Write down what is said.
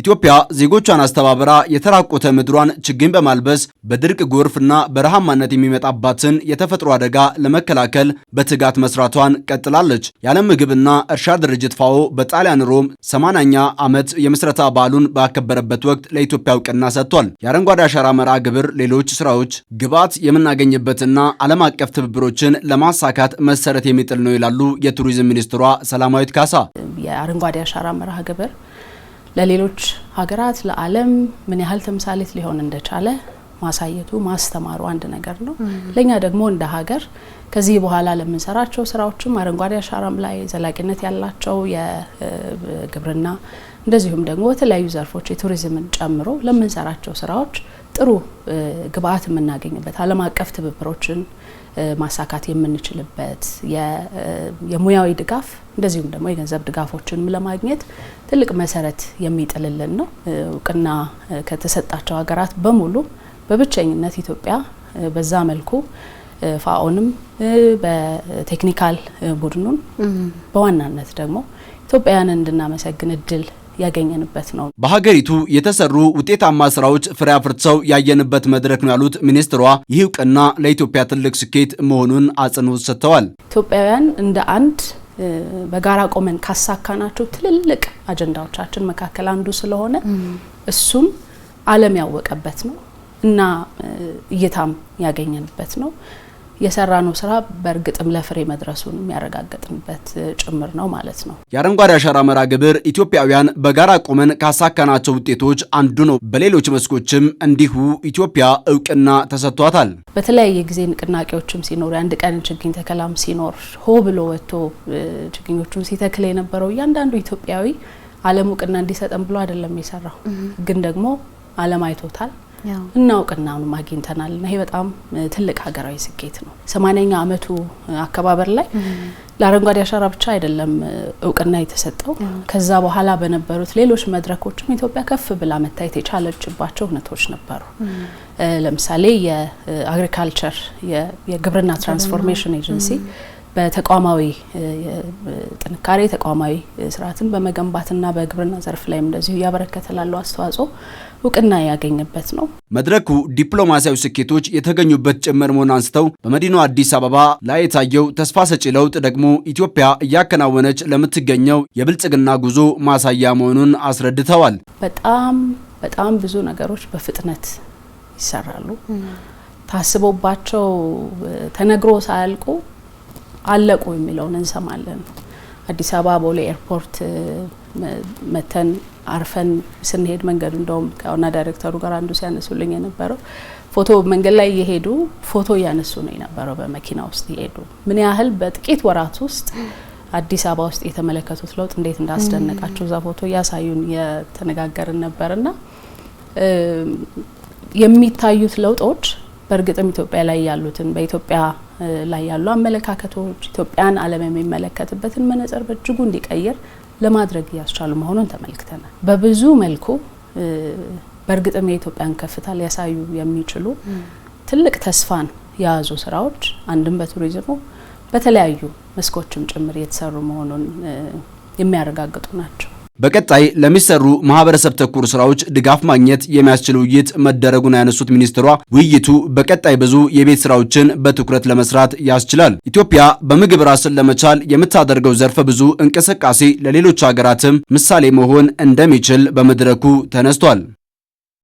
ኢትዮጵያ ዜጎቿን አስተባብራ የተራቆተ ምድሯን ችግኝ በማልበስ በድርቅ ጎርፍና በረሃማነት የሚመጣባትን የተፈጥሮ አደጋ ለመከላከል በትጋት መስራቷን ቀጥላለች። የዓለም ምግብና እርሻ ድርጅት ፋኦ በጣሊያን ሮም 80ኛ ዓመት የምስረታ በዓሉን ባከበረበት ወቅት ለኢትዮጵያ እውቅና ሰጥቷል። የአረንጓዴ አሻራ መርሃ ግብር ሌሎች ስራዎች ግብዓት የምናገኝበትና ዓለም አቀፍ ትብብሮችን ለማሳካት መሰረት የሚጥል ነው ይላሉ የቱሪዝም ሚኒስትሯ ሰላማዊት ካሳ። የአረንጓዴ አሻራ መርሃ ግብር ለሌሎች ሀገራት ለዓለም ምን ያህል ተምሳሌት ሊሆን እንደቻለ ማሳየቱ ማስተማሩ አንድ ነገር ነው። ለእኛ ደግሞ እንደ ሀገር ከዚህ በኋላ ለምንሰራቸው ስራዎችም አረንጓዴ አሻራም ላይ ዘላቂነት ያላቸው የግብርና እንደዚሁም ደግሞ በተለያዩ ዘርፎች የቱሪዝምን ጨምሮ ለምንሰራቸው ስራዎች ጥሩ ግብአት የምናገኝበት ዓለም አቀፍ ትብብሮችን ማሳካት የምንችልበት የሙያዊ ድጋፍ እንደዚሁም ደግሞ የገንዘብ ድጋፎችን ለማግኘት ትልቅ መሰረት የሚጥልልን ነው። እውቅና ከተሰጣቸው ሀገራት በሙሉ በብቸኝነት ኢትዮጵያ በዛ መልኩ ፋኦንም በቴክኒካል ቡድኑን በዋናነት ደግሞ ኢትዮጵያውያንን እንድናመሰግን እድል ያገኘንበት ነው። በሀገሪቱ የተሰሩ ውጤታማ ስራዎች ፍሬ አፍርተው ያየንበት መድረክ ነው ያሉት ሚኒስትሯ፣ ይህ እውቅና ለኢትዮጵያ ትልቅ ስኬት መሆኑን አጽንኦት ሰጥተዋል። ኢትዮጵያውያን እንደ አንድ በጋራ ቆመን ካሳካናቸው ትልልቅ አጀንዳዎቻችን መካከል አንዱ ስለሆነ እሱም ዓለም ያወቀበት ነው እና እይታም ያገኘንበት ነው። የሰራነው ስራ በእርግጥም ለፍሬ መድረሱን የሚያረጋግጥበት ጭምር ነው ማለት ነው። የአረንጓዴ አሻራ መርሃ ግብር ኢትዮጵያውያን በጋራ ቆመን ካሳካናቸው ውጤቶች አንዱ ነው። በሌሎች መስኮችም እንዲሁ ኢትዮጵያ እውቅና ተሰጥቷታል። በተለያየ ጊዜ ንቅናቄዎችም ሲኖሩ የአንድ ቀን ችግኝ ተከላም ሲኖር ሆ ብሎ ወጥቶ ችግኞቹን ሲተክል የነበረው እያንዳንዱ ኢትዮጵያዊ ዓለም እውቅና እንዲሰጠን ብሎ አይደለም የሰራው፣ ግን ደግሞ ዓለም አይቶታል። እናውቅና አሁንም አግኝተናል እና ይሄ በጣም ትልቅ ሀገራዊ ስኬት ነው። ሰማንያኛ አመቱ አከባበር ላይ ለአረንጓዴ አሻራ ብቻ አይደለም እውቅና የተሰጠው። ከዛ በኋላ በነበሩት ሌሎች መድረኮችም ኢትዮጵያ ከፍ ብላ መታየት የቻለችባቸው እውነቶች ነበሩ። ለምሳሌ የአግሪካልቸር የግብርና ትራንስፎርሜሽን ኤጀንሲ በተቋማዊ ጥንካሬ ተቋማዊ ስርዓትን በመገንባትና በግብርና ዘርፍ ላይም እንደዚሁ እያበረከተ ላለው አስተዋጽኦ እውቅና ያገኘበት ነው። መድረኩ ዲፕሎማሲያዊ ስኬቶች የተገኙበት ጭምር መሆን አንስተው በመዲናዋ አዲስ አበባ ላይ የታየው ተስፋ ሰጪ ለውጥ ደግሞ ኢትዮጵያ እያከናወነች ለምትገኘው የብልጽግና ጉዞ ማሳያ መሆኑን አስረድተዋል። በጣም በጣም ብዙ ነገሮች በፍጥነት ይሰራሉ ታስቦባቸው ተነግሮ ሳያልቁ አለቁ የሚለውን እንሰማለን። አዲስ አበባ ቦሌ ኤርፖርት መተን አርፈን ስንሄድ መንገዱ እንደውም ከዋና ዳይሬክተሩ ጋር አንዱ ሲያነሱልኝ የነበረው ፎቶ መንገድ ላይ እየሄዱ ፎቶ እያነሱ ነው የነበረው በመኪና ውስጥ እየሄዱ ምን ያህል በጥቂት ወራት ውስጥ አዲስ አበባ ውስጥ የተመለከቱት ለውጥ እንዴት እንዳስደነቃቸው እዛ ፎቶ እያሳዩን የተነጋገርን ነበርና የሚታዩት ለውጦች በእርግጥም ኢትዮጵያ ላይ ያሉትን በኢትዮጵያ ላይ ያሉ አመለካከቶች ኢትዮጵያን ዓለም የሚመለከትበትን መነጽር በእጅጉ እንዲቀይር ለማድረግ እያስቻሉ መሆኑን ተመልክተናል። በብዙ መልኩ በእርግጥም የኢትዮጵያን ከፍታ ሊያሳዩ የሚችሉ ትልቅ ተስፋን የያዙ ስራዎች አንድም በቱሪዝሙ በተለያዩ መስኮችም ጭምር የተሰሩ መሆኑን የሚያረጋግጡ ናቸው። በቀጣይ ለሚሰሩ ማህበረሰብ ተኮር ስራዎች ድጋፍ ማግኘት የሚያስችል ውይይት መደረጉን ያነሱት ሚኒስትሯ ውይይቱ በቀጣይ ብዙ የቤት ስራዎችን በትኩረት ለመስራት ያስችላል። ኢትዮጵያ በምግብ ራስን ለመቻል የምታደርገው ዘርፈ ብዙ እንቅስቃሴ ለሌሎች ሀገራትም ምሳሌ መሆን እንደሚችል በመድረኩ ተነስቷል።